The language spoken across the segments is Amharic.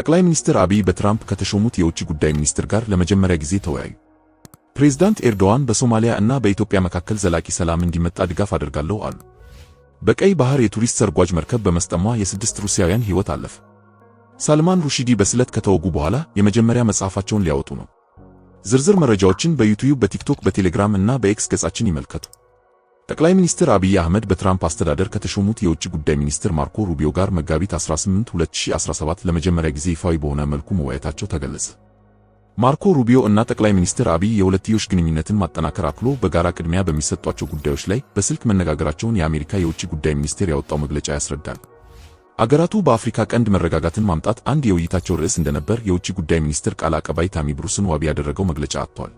ጠቅላይ ሚኒስትር አብይ በትራምፕ ከተሾሙት የውጭ ጉዳይ ሚኒስትር ጋር ለመጀመሪያ ጊዜ ተወያዩ። ፕሬዝዳንት ኤርዶዋን በሶማሊያ እና በኢትዮጵያ መካከል ዘላቂ ሰላም እንዲመጣ ድጋፍ አደርጋለሁ አሉ። በቀይ ባህር የቱሪስት ሰርጓጅ መርከብ በመስጠሟ የስድስት ሩሲያውያን ሕይወት አለፈ። ሳልማን ሩሺዲ በስለት ከተወጉ በኋላ የመጀመሪያ መጽሐፋቸውን ሊያወጡ ነው። ዝርዝር መረጃዎችን በዩቲዩብ፣ በቲክቶክ፣ በቴሌግራም እና በኤክስ ገጻችን ይመልከቱ። ጠቅላይ ሚኒስትር አብይ አህመድ በትራምፕ አስተዳደር ከተሾሙት የውጭ ጉዳይ ሚኒስትር ማርኮ ሩቢዮ ጋር መጋቢት 18 2017 ለመጀመሪያ ጊዜ ይፋዊ በሆነ መልኩ መወያየታቸው ተገለጸ። ማርኮ ሩቢዮ እና ጠቅላይ ሚኒስትር አብይ የሁለትዮሽ ግንኙነትን ማጠናከር አክሎ በጋራ ቅድሚያ በሚሰጧቸው ጉዳዮች ላይ በስልክ መነጋገራቸውን የአሜሪካ የውጭ ጉዳይ ሚኒስቴር ያወጣው መግለጫ ያስረዳል። አገራቱ በአፍሪካ ቀንድ መረጋጋትን ማምጣት አንድ የውይይታቸው ርዕስ እንደነበር የውጭ ጉዳይ ሚኒስትር ቃል አቀባይ ታሚ ብሩስን ዋቢ ያደረገው መግለጫ አጥቷል።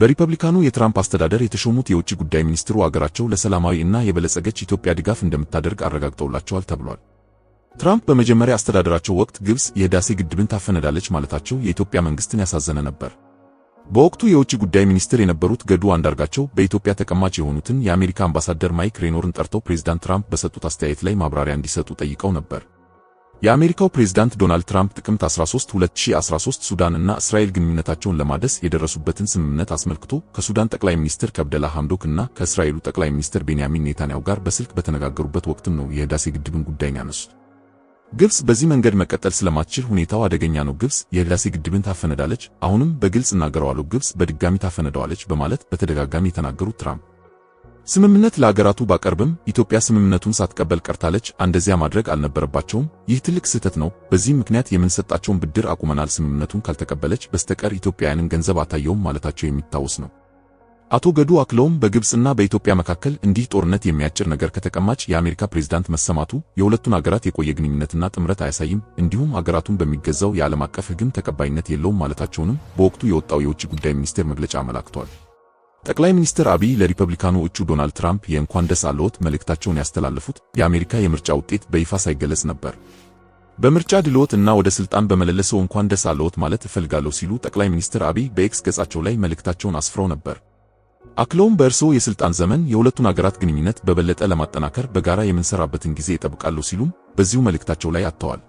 በሪፐብሊካኑ የትራምፕ አስተዳደር የተሾሙት የውጭ ጉዳይ ሚኒስትሩ አገራቸው ለሰላማዊ እና የበለጸገች ኢትዮጵያ ድጋፍ እንደምታደርግ አረጋግጠውላቸዋል ተብሏል። ትራምፕ በመጀመሪያ አስተዳደራቸው ወቅት ግብጽ የህዳሴ ግድብን ታፈነዳለች ማለታቸው የኢትዮጵያ መንግስትን ያሳዘነ ነበር። በወቅቱ የውጭ ጉዳይ ሚኒስትር የነበሩት ገዱ አንዳርጋቸው በኢትዮጵያ ተቀማጭ የሆኑትን የአሜሪካ አምባሳደር ማይክ ሬኖርን ጠርተው ፕሬዚዳንት ትራምፕ በሰጡት አስተያየት ላይ ማብራሪያ እንዲሰጡ ጠይቀው ነበር። የአሜሪካው ፕሬዝዳንት ዶናልድ ትራምፕ ጥቅምት 13 2013 ሱዳን እና እስራኤል ግንኙነታቸውን ለማደስ የደረሱበትን ስምምነት አስመልክቶ ከሱዳን ጠቅላይ ሚኒስትር ከብደላ ሐምዶክ እና ከእስራኤሉ ጠቅላይ ሚኒስትር ቤንያሚን ኔታንያሁ ጋር በስልክ በተነጋገሩበት ወቅትም ነው የህዳሴ ግድብን ጉዳይ ያነሱት። ግብጽ በዚህ መንገድ መቀጠል ስለማትችል ሁኔታው አደገኛ ነው፣ ግብጽ የህዳሴ ግድብን ታፈነዳለች፣ አሁንም በግልጽ እናገረዋለሁ፣ ግብጽ በድጋሚ ታፈነዳዋለች በማለት በተደጋጋሚ የተናገሩት ትራምፕ ስምምነት ለአገራቱ ባቀርብም ኢትዮጵያ ስምምነቱን ሳትቀበል ቀርታለች። እንደዚያ ማድረግ አልነበረባቸውም። ይህ ትልቅ ስህተት ነው። በዚህም ምክንያት የምንሰጣቸውን ብድር አቁመናል፣ ስምምነቱን ካልተቀበለች በስተቀር ኢትዮጵያውያንን ገንዘብ አታየውም ማለታቸው የሚታወስ ነው። አቶ ገዱ አክለውም በግብፅና በኢትዮጵያ መካከል እንዲህ ጦርነት የሚያጭር ነገር ከተቀማጭ የአሜሪካ ፕሬዝዳንት መሰማቱ የሁለቱን አገራት የቆየ ግንኙነትና ጥምረት አያሳይም፣ እንዲሁም አገራቱን በሚገዛው የዓለም አቀፍ ሕግም ተቀባይነት የለውም ማለታቸውንም በወቅቱ የወጣው የውጭ ጉዳይ ሚኒስቴር መግለጫ አመላክቷል። ጠቅላይ ሚኒስትር አብይ ለሪፐብሊካኑ እጩ ዶናልድ ትራምፕ የእንኳን ደስ አለዎት መልእክታቸውን ያስተላለፉት የአሜሪካ የምርጫ ውጤት በይፋ ሳይገለጽ ነበር። በምርጫ ድልዎት እና ወደ ስልጣን በመለለሰው እንኳን ደስ አለዎት ማለት እፈልጋለሁ ሲሉ ጠቅላይ ሚኒስትር አብይ በኤክስ ገጻቸው ላይ መልእክታቸውን አስፍረው ነበር። አክለውም በእርስዎ የስልጣን ዘመን የሁለቱን አገራት ግንኙነት በበለጠ ለማጠናከር በጋራ የምንሰራበትን ጊዜ እጠብቃለሁ ሲሉም በዚሁ መልእክታቸው ላይ አጥተዋል።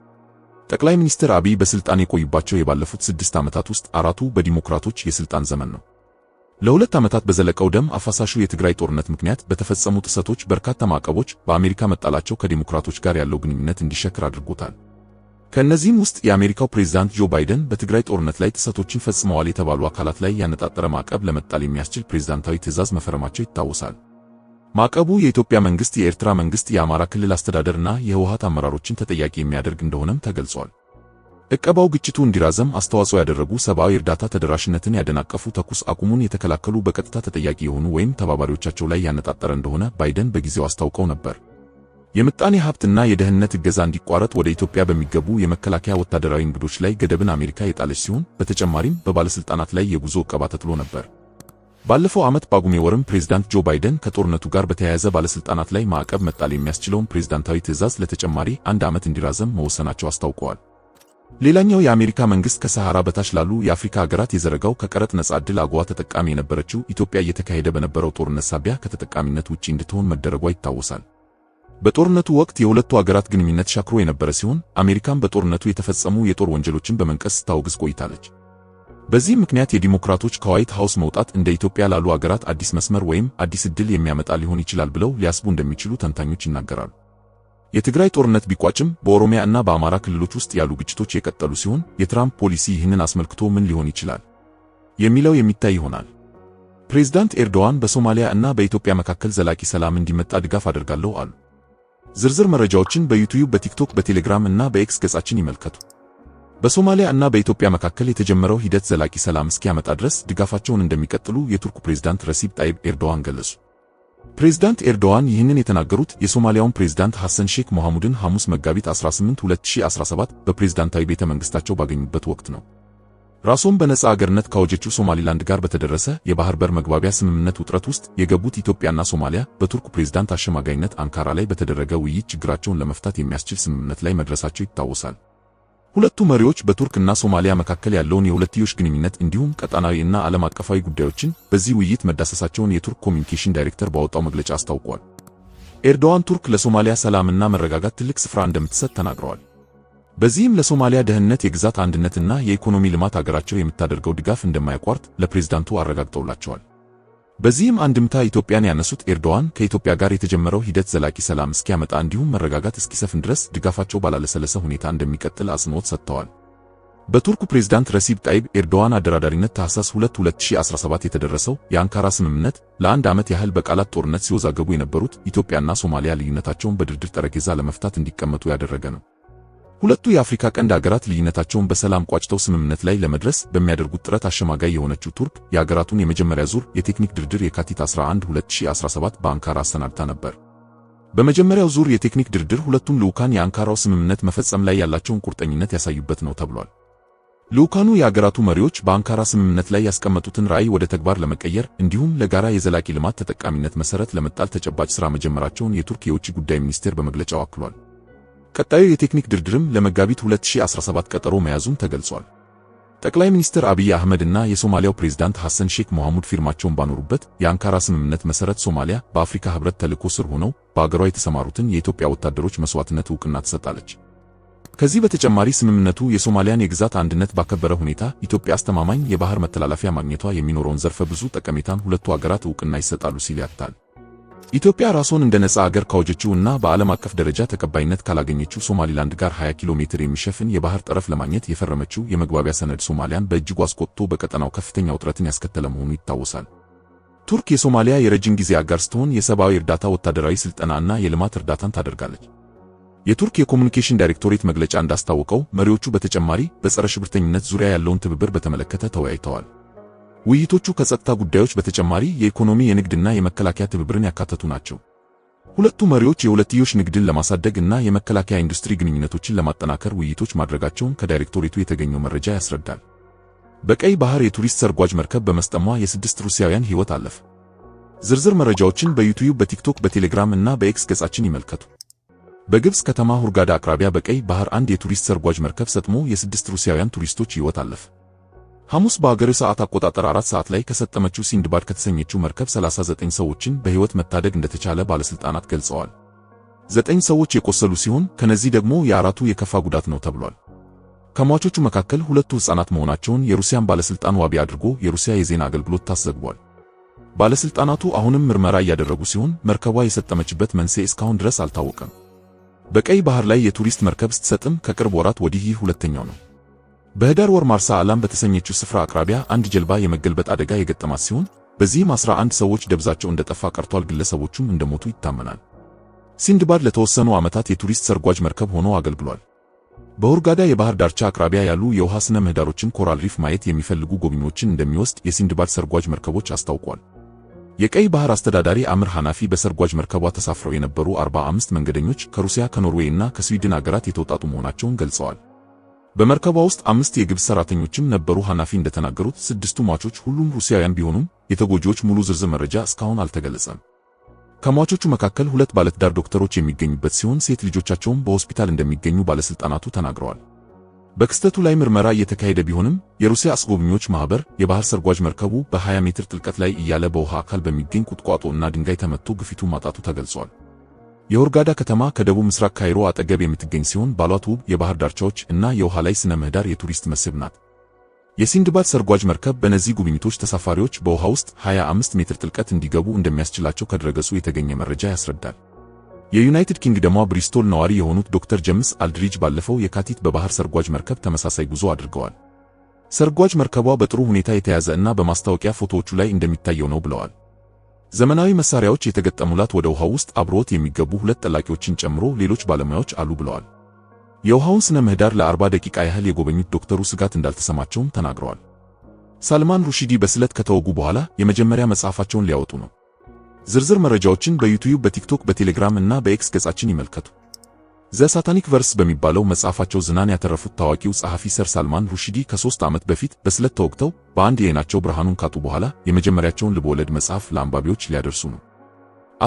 ጠቅላይ ሚኒስትር አብይ በስልጣን የቆዩባቸው የባለፉት ስድስት ዓመታት ውስጥ አራቱ በዲሞክራቶች የስልጣን ዘመን ነው። ለሁለት ዓመታት በዘለቀው ደም አፋሳሹ የትግራይ ጦርነት ምክንያት በተፈጸሙ ጥሰቶች በርካታ ማዕቀቦች በአሜሪካ መጣላቸው ከዲሞክራቶች ጋር ያለው ግንኙነት እንዲሸክር አድርጎታል። ከእነዚህም ውስጥ የአሜሪካው ፕሬዝዳንት ጆ ባይደን በትግራይ ጦርነት ላይ ጥሰቶችን ፈጽመዋል የተባሉ አካላት ላይ ያነጣጠረ ማዕቀብ ለመጣል የሚያስችል ፕሬዝዳንታዊ ትዕዛዝ መፈረማቸው ይታወሳል። ማዕቀቡ የኢትዮጵያ መንግስት፣ የኤርትራ መንግስት፣ የአማራ ክልል አስተዳደርና የህወሓት አመራሮችን ተጠያቂ የሚያደርግ እንደሆነም ተገልጿል። እቀባው ግጭቱ እንዲራዘም አስተዋጽኦ ያደረጉ ሰብአዊ እርዳታ ተደራሽነትን ያደናቀፉ፣ ተኩስ አቁሙን የተከላከሉ፣ በቀጥታ ተጠያቂ የሆኑ ወይም ተባባሪዎቻቸው ላይ ያነጣጠረ እንደሆነ ባይደን በጊዜው አስታውቀው ነበር። የምጣኔ ሀብትና የደህንነት እገዛ እንዲቋረጥ ወደ ኢትዮጵያ በሚገቡ የመከላከያ ወታደራዊ እንግዶች ላይ ገደብን አሜሪካ የጣለች ሲሆን በተጨማሪም በባለስልጣናት ላይ የጉዞ እቀባ ተጥሎ ነበር። ባለፈው ዓመት ጳጉሜ ወርም ፕሬዝዳንት ጆ ባይደን ከጦርነቱ ጋር በተያያዘ ባለስልጣናት ላይ ማዕቀብ መጣል የሚያስችለውን ፕሬዝዳንታዊ ትዕዛዝ ለተጨማሪ አንድ ዓመት እንዲራዘም መወሰናቸው አስታውቀዋል። ሌላኛው የአሜሪካ መንግስት ከሰሃራ በታች ላሉ የአፍሪካ ሀገራት የዘረጋው ከቀረጥ ነጻ ዕድል አጎዋ ተጠቃሚ የነበረችው ኢትዮጵያ እየተካሄደ በነበረው ጦርነት ሳቢያ ከተጠቃሚነት ውጪ እንድትሆን መደረጓ ይታወሳል። በጦርነቱ ወቅት የሁለቱ ሀገራት ግንኙነት ሻክሮ የነበረ ሲሆን አሜሪካም በጦርነቱ የተፈጸሙ የጦር ወንጀሎችን በመንቀስ ስታወግዝ ቆይታለች። በዚህም ምክንያት የዲሞክራቶች ከዋይት ሃውስ መውጣት እንደ ኢትዮጵያ ላሉ ሀገራት አዲስ መስመር ወይም አዲስ ዕድል የሚያመጣ ሊሆን ይችላል ብለው ሊያስቡ እንደሚችሉ ተንታኞች ይናገራሉ። የትግራይ ጦርነት ቢቋጭም በኦሮሚያ እና በአማራ ክልሎች ውስጥ ያሉ ግጭቶች የቀጠሉ ሲሆን የትራምፕ ፖሊሲ ይህንን አስመልክቶ ምን ሊሆን ይችላል የሚለው የሚታይ ይሆናል። ፕሬዝዳንት ኤርዶዋን በሶማሊያ እና በኢትዮጵያ መካከል ዘላቂ ሰላም እንዲመጣ ድጋፍ አደርጋለሁ አሉ። ዝርዝር መረጃዎችን በዩቲዩብ፣ በቲክቶክ፣ በቴሌግራም እና በኤክስ ገጻችን ይመልከቱ። በሶማሊያ እና በኢትዮጵያ መካከል የተጀመረው ሂደት ዘላቂ ሰላም እስኪያመጣ ድረስ ድጋፋቸውን እንደሚቀጥሉ የቱርክ ፕሬዝዳንት ረሲብ ጣይብ ኤርዶዋን ገለጹ። ፕሬዝዳንት ኤርዶዋን ይህንን የተናገሩት የሶማሊያውን ፕሬዝዳንት ሐሰን ሼክ መሐሙድን ሐሙስ መጋቢት 18 2017 በፕሬዝዳንታዊ ቤተ መንግሥታቸው ባገኙበት ወቅት ነው። ራሷን በነጻ አገርነት ካወጀችው ሶማሊላንድ ጋር በተደረሰ የባህር በር መግባቢያ ስምምነት ውጥረት ውስጥ የገቡት ኢትዮጵያና ሶማሊያ በቱርክ ፕሬዝዳንት አሸማጋይነት አንካራ ላይ በተደረገ ውይይት ችግራቸውን ለመፍታት የሚያስችል ስምምነት ላይ መድረሳቸው ይታወሳል። ሁለቱ መሪዎች በቱርክና ሶማሊያ መካከል ያለውን የሁለትዮሽ ግንኙነት እንዲሁም ቀጣናዊ እና ዓለም አቀፋዊ ጉዳዮችን በዚህ ውይይት መዳሰሳቸውን የቱርክ ኮሚኒኬሽን ዳይሬክተር ባወጣው መግለጫ አስታውቋል። ኤርዶዋን ቱርክ ለሶማሊያ ሰላምና መረጋጋት ትልቅ ስፍራ እንደምትሰጥ ተናግረዋል። በዚህም ለሶማሊያ ደህንነት፣ የግዛት አንድነትና የኢኮኖሚ ልማት አገራቸው የምታደርገው ድጋፍ እንደማያቋርጥ ለፕሬዝዳንቱ አረጋግጠውላቸዋል። በዚህም አንድምታ ኢትዮጵያን ያነሱት ኤርዶዋን ከኢትዮጵያ ጋር የተጀመረው ሂደት ዘላቂ ሰላም እስኪያመጣ እንዲሁም መረጋጋት እስኪሰፍን ድረስ ድጋፋቸው ባላለሰለሰ ሁኔታ እንደሚቀጥል አጽንኦት ሰጥተዋል። በቱርኩ ፕሬዝዳንት ረሲብ ጣይብ ኤርዶዋን አደራዳሪነት ታህሳስ 2 2017 የተደረሰው የአንካራ ስምምነት ለአንድ ዓመት ያህል በቃላት ጦርነት ሲወዛገቡ የነበሩት ኢትዮጵያና ሶማሊያ ልዩነታቸውን በድርድር ጠረጴዛ ለመፍታት እንዲቀመጡ ያደረገ ነው። ሁለቱ የአፍሪካ ቀንድ አገራት ልዩነታቸውን በሰላም ቋጭተው ስምምነት ላይ ለመድረስ በሚያደርጉት ጥረት አሸማጋይ የሆነችው ቱርክ የአገራቱን የመጀመሪያ ዙር የቴክኒክ ድርድር የካቲት 11 2017 በአንካራ አሰናድታ ነበር። በመጀመሪያው ዙር የቴክኒክ ድርድር ሁለቱም ልዑካን የአንካራው ስምምነት መፈጸም ላይ ያላቸውን ቁርጠኝነት ያሳዩበት ነው ተብሏል። ልዑካኑ የአገራቱ መሪዎች በአንካራ ስምምነት ላይ ያስቀመጡትን ራዕይ ወደ ተግባር ለመቀየር እንዲሁም ለጋራ የዘላቂ ልማት ተጠቃሚነት መሰረት ለመጣል ተጨባጭ ሥራ መጀመራቸውን የቱርክ የውጭ ጉዳይ ሚኒስቴር በመግለጫው አክሏል። ቀጣዩ የቴክኒክ ድርድርም ለመጋቢት 2017 ቀጠሮ መያዙም ተገልጿል። ጠቅላይ ሚኒስትር አብይ አህመድ እና የሶማሊያው ፕሬዝዳንት ሐሰን ሼክ መሐሙድ ፊርማቸውን ባኖሩበት የአንካራ ስምምነት መሰረት ሶማሊያ በአፍሪካ ህብረት ተልዕኮ ስር ሆነው በአገሯ የተሰማሩትን የኢትዮጵያ ወታደሮች መስዋዕትነት እውቅና ትሰጣለች። ከዚህ በተጨማሪ ስምምነቱ የሶማሊያን የግዛት አንድነት ባከበረ ሁኔታ ኢትዮጵያ አስተማማኝ የባህር መተላለፊያ ማግኘቷ የሚኖረውን ዘርፈ ብዙ ጠቀሜታን ሁለቱ አገራት እውቅና ይሰጣሉ ሲል ያትታል። ኢትዮጵያ ራሷን እንደ ነፃ አገር ካወጀችው እና በዓለም አቀፍ ደረጃ ተቀባይነት ካላገኘችው ሶማሊላንድ ጋር 20 ኪሎ ሜትር የሚሸፍን የባህር ጠረፍ ለማግኘት የፈረመችው የመግባቢያ ሰነድ ሶማሊያን በእጅጉ አስቆጥቶ በቀጠናው ከፍተኛ ውጥረትን ያስከተለ መሆኑ ይታወሳል። ቱርክ የሶማሊያ የረጅም ጊዜ አጋር ስትሆን የሰብአዊ እርዳታ፣ ወታደራዊ ስልጠና እና የልማት እርዳታን ታደርጋለች። የቱርክ የኮሚኒኬሽን ዳይሬክቶሬት መግለጫ እንዳስታወቀው መሪዎቹ በተጨማሪ በጸረ ሽብርተኝነት ዙሪያ ያለውን ትብብር በተመለከተ ተወያይተዋል። ውይይቶቹ ከጸጥታ ጉዳዮች በተጨማሪ የኢኮኖሚ፣ የንግድና የመከላከያ ትብብርን ያካተቱ ናቸው። ሁለቱ መሪዎች የሁለትዮሽ ንግድን ለማሳደግ እና የመከላከያ ኢንዱስትሪ ግንኙነቶችን ለማጠናከር ውይይቶች ማድረጋቸውን ከዳይሬክቶሬቱ የተገኘው መረጃ ያስረዳል። በቀይ ባህር የቱሪስት ሰርጓጅ መርከብ በመስጠሟ የስድስት ሩሲያውያን ሕይወት አለፈ። ዝርዝር መረጃዎችን በዩቲዩብ፣ በቲክቶክ፣ በቴሌግራም እና በኤክስ ገጻችን ይመልከቱ። በግብፅ ከተማ ሁርጋዳ አቅራቢያ በቀይ ባህር አንድ የቱሪስት ሰርጓጅ መርከብ ሰጥሞ የስድስት ሩሲያውያን ቱሪስቶች ሕይወት አለፈ። ሐሙስ በአገሬ ሰዓት አቆጣጠር አራት ሰዓት ላይ ከሰጠመችው ሲንድባድ ከተሰኘችው መርከብ 39 ሰዎችን በሕይወት መታደግ እንደተቻለ ባለሥልጣናት ገልጸዋል። ዘጠኝ ሰዎች የቆሰሉ ሲሆን ከነዚህ ደግሞ የአራቱ የከፋ ጉዳት ነው ተብሏል። ከሟቾቹ መካከል ሁለቱ ሕፃናት መሆናቸውን የሩሲያን ባለሥልጣን ዋቢ አድርጎ የሩሲያ የዜና አገልግሎት ታዘግቧል። ባለሥልጣናቱ አሁንም ምርመራ እያደረጉ ሲሆን መርከቧ የሰጠመችበት መንስኤ እስካሁን ድረስ አልታወቀም። በቀይ ባህር ላይ የቱሪስት መርከብ ስትሰጥም ከቅርብ ወራት ወዲህ ይህ ሁለተኛው ነው። በህዳር ወር ማርሳ አላም በተሰኘችው ስፍራ አቅራቢያ አንድ ጀልባ የመገልበጥ አደጋ የገጠማት ሲሆን በዚህም አስራ አንድ ሰዎች ደብዛቸው እንደጠፋ ቀርቷል። ግለሰቦቹም እንደሞቱ ይታመናል። ሲንድባድ ለተወሰኑ ዓመታት የቱሪስት ሰርጓጅ መርከብ ሆኖ አገልግሏል። በሁርጋዳ የባህር ዳርቻ አቅራቢያ ያሉ የውሃ ስነ ምህዳሮችን ኮራል ሪፍ ማየት የሚፈልጉ ጎብኚዎችን እንደሚወስድ የሲንድባድ ሰርጓጅ መርከቦች አስታውቋል። የቀይ ባህር አስተዳዳሪ አምር ሐናፊ በሰርጓጅ መርከቧ ተሳፍረው የነበሩ 45 መንገደኞች ከሩሲያ ከኖርዌይ እና ከስዊድን አገራት የተውጣጡ መሆናቸውን ገልጸዋል። በመርከቧ ውስጥ አምስት የግብፅ ሰራተኞችም ነበሩ። ሐናፊ እንደተናገሩት ስድስቱ ሟቾች ሁሉም ሩሲያውያን ቢሆኑም የተጎጂዎች ሙሉ ዝርዝር መረጃ እስካሁን አልተገለጸም። ከሟቾቹ መካከል ሁለት ባለትዳር ዶክተሮች የሚገኙበት ሲሆን ሴት ልጆቻቸውም በሆስፒታል እንደሚገኙ ባለስልጣናቱ ተናግረዋል። በክስተቱ ላይ ምርመራ እየተካሄደ ቢሆንም የሩሲያ አስጎብኚዎች ማህበር የባህር ሰርጓጅ መርከቡ በ20 ሜትር ጥልቀት ላይ እያለ በውሃ አካል በሚገኝ ቁጥቋጦ እና ድንጋይ ተመትቶ ግፊቱ ማጣቱ ተገልጿል። የሆርጋዳ ከተማ ከደቡብ ምስራቅ ካይሮ አጠገብ የምትገኝ ሲሆን ባሏት ውብ የባህር ዳርቻዎች እና የውሃ ላይ ስነ ምህዳር የቱሪስት መስህብ ናት። የሲንድባድ ሰርጓጅ መርከብ በእነዚህ ጉብኝቶች ተሳፋሪዎች በውሃ ውስጥ 25 ሜትር ጥልቀት እንዲገቡ እንደሚያስችላቸው ከድረገጹ የተገኘ መረጃ ያስረዳል። የዩናይትድ ኪንግደሟ ብሪስቶል ነዋሪ የሆኑት ዶክተር ጀምስ አልድሪጅ ባለፈው የካቲት በባህር ሰርጓጅ መርከብ ተመሳሳይ ጉዞ አድርገዋል። ሰርጓጅ መርከቧ በጥሩ ሁኔታ የተያዘ እና በማስታወቂያ ፎቶዎቹ ላይ እንደሚታየው ነው ብለዋል። ዘመናዊ መሳሪያዎች የተገጠሙላት ወደ ውሃው ውስጥ አብሮት የሚገቡ ሁለት ጠላቂዎችን ጨምሮ ሌሎች ባለሙያዎች አሉ ብለዋል። የውሃውን ስነ ምህዳር ለአርባ ደቂቃ ያህል የጎበኙት ዶክተሩ ስጋት እንዳልተሰማቸውም ተናግረዋል። ሳልማን ሩሺዲ በስለት ከተወጉ በኋላ የመጀመሪያ መጽሐፋቸውን ሊያወጡ ነው። ዝርዝር መረጃዎችን በዩቲዩብ፣ በቲክቶክ፣ በቴሌግራም እና በኤክስ ገጻችን ይመልከቱ። ዘ ሳታኒክ ቨርስ በሚባለው መጽሐፋቸው ዝናን ያተረፉት ታዋቂው ጸሐፊ ሰር ሳልማን ሩሽዲ ከሦስት ዓመት በፊት በስለት ተወግተው በአንድ የዓይናቸው ብርሃኑን ካጡ በኋላ የመጀመሪያቸውን ልብወለድ መጽሐፍ ለአንባቢዎች ሊያደርሱ ነው።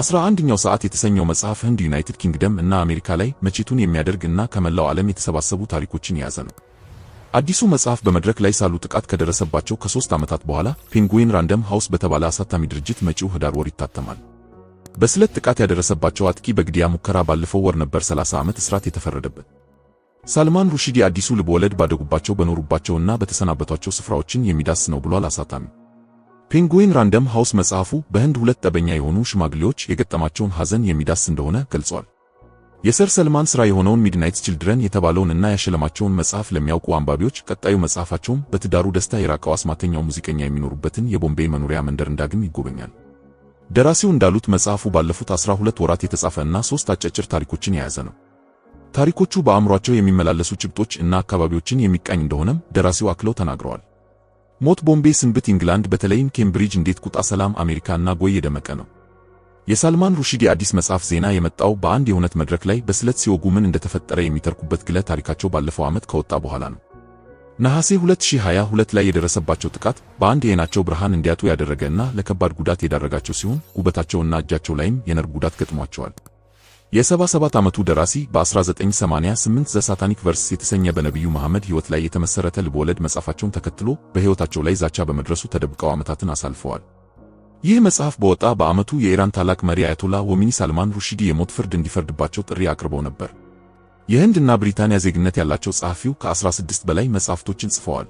አስራ አንደኛው ሰዓት የተሰኘው መጽሐፍ ህንድ፣ ዩናይትድ ኪንግደም እና አሜሪካ ላይ መቼቱን የሚያደርግ እና ከመላው ዓለም የተሰባሰቡ ታሪኮችን የያዘ ነው። አዲሱ መጽሐፍ በመድረክ ላይ ሳሉ ጥቃት ከደረሰባቸው ከሦስት ዓመታት በኋላ ፔንጉዊን ራንደም ሃውስ በተባለ አሳታሚ ድርጅት መጪው ህዳር ወር ይታተማል። በስለት ጥቃት ያደረሰባቸው አጥቂ በግድያ ሙከራ ባለፈው ወር ነበር 30 ዓመት እስራት የተፈረደበት። ሳልማን ሩሺዲ አዲሱ ልብወለድ ባደጉባቸው በኖሩባቸውና በተሰናበቷቸው ስፍራዎችን የሚዳስ ነው ብሏል አሳታሚ። ፔንጉዊን ራንደም ሃውስ መጽሐፉ በህንድ ሁለት ጠበኛ የሆኑ ሽማግሌዎች የገጠማቸውን ሐዘን የሚዳስ እንደሆነ ገልጿል። የሰር ሰልማን ሥራ የሆነውን ሚድናይት ችልድረን የተባለውንና ያሸለማቸውን መጽሐፍ ለሚያውቁ አንባቢዎች ቀጣዩ መጽሐፋቸውም በትዳሩ ደስታ የራቀው አስማተኛው ሙዚቀኛ የሚኖሩበትን የቦምቤ መኖሪያ መንደር ዳግም ይጎበኛል። ደራሲው እንዳሉት መጽሐፉ ባለፉት 12 ወራት የተጻፈ እና ሶስት አጫጭር ታሪኮችን የያዘ ነው። ታሪኮቹ በአእምሯቸው የሚመላለሱ ጭብጦች እና አካባቢዎችን የሚቃኝ እንደሆነም ደራሲው አክለው ተናግረዋል። ሞት፣ ቦምቤ፣ ስንብት፣ ኢንግላንድ በተለይም ኬምብሪጅ፣ እንዴት ቁጣ፣ ሰላም፣ አሜሪካ እና ጎይ የደመቀ ነው። የሳልማን ሩሺዲ አዲስ መጽሐፍ ዜና የመጣው በአንድ የእውነት መድረክ ላይ በስለት ሲወጉ ምን እንደተፈጠረ የሚተርኩበት ግለ ታሪካቸው ባለፈው ዓመት ከወጣ በኋላ ነው። ነሐሴ 2022 ላይ የደረሰባቸው ጥቃት በአንድ የዓይናቸው ብርሃን እንዲያጡ ያደረገ እና ለከባድ ጉዳት የዳረጋቸው ሲሆን ጉበታቸውና እጃቸው ላይም የነርቭ ጉዳት ገጥሟቸዋል። የ77 ዓመቱ ደራሲ በ1988 ዘሳታኒክ ሳታኒክ ቨርስ የተሰኘ በነቢዩ መሐመድ ሕይወት ላይ የተመሠረተ ልብወለድ መጽሐፋቸውን ተከትሎ በሕይወታቸው ላይ ዛቻ በመድረሱ ተደብቀው ዓመታትን አሳልፈዋል። ይህ መጽሐፍ በወጣ በዓመቱ የኢራን ታላቅ መሪ አያቶላ ወሚኒ ሳልማን ሩሺዲ የሞት ፍርድ እንዲፈርድባቸው ጥሪ አቅርበው ነበር። የህንድና ብሪታንያ ዜግነት ያላቸው ጸሐፊው ከ16 በላይ መጽሐፍቶችን ጽፈዋል።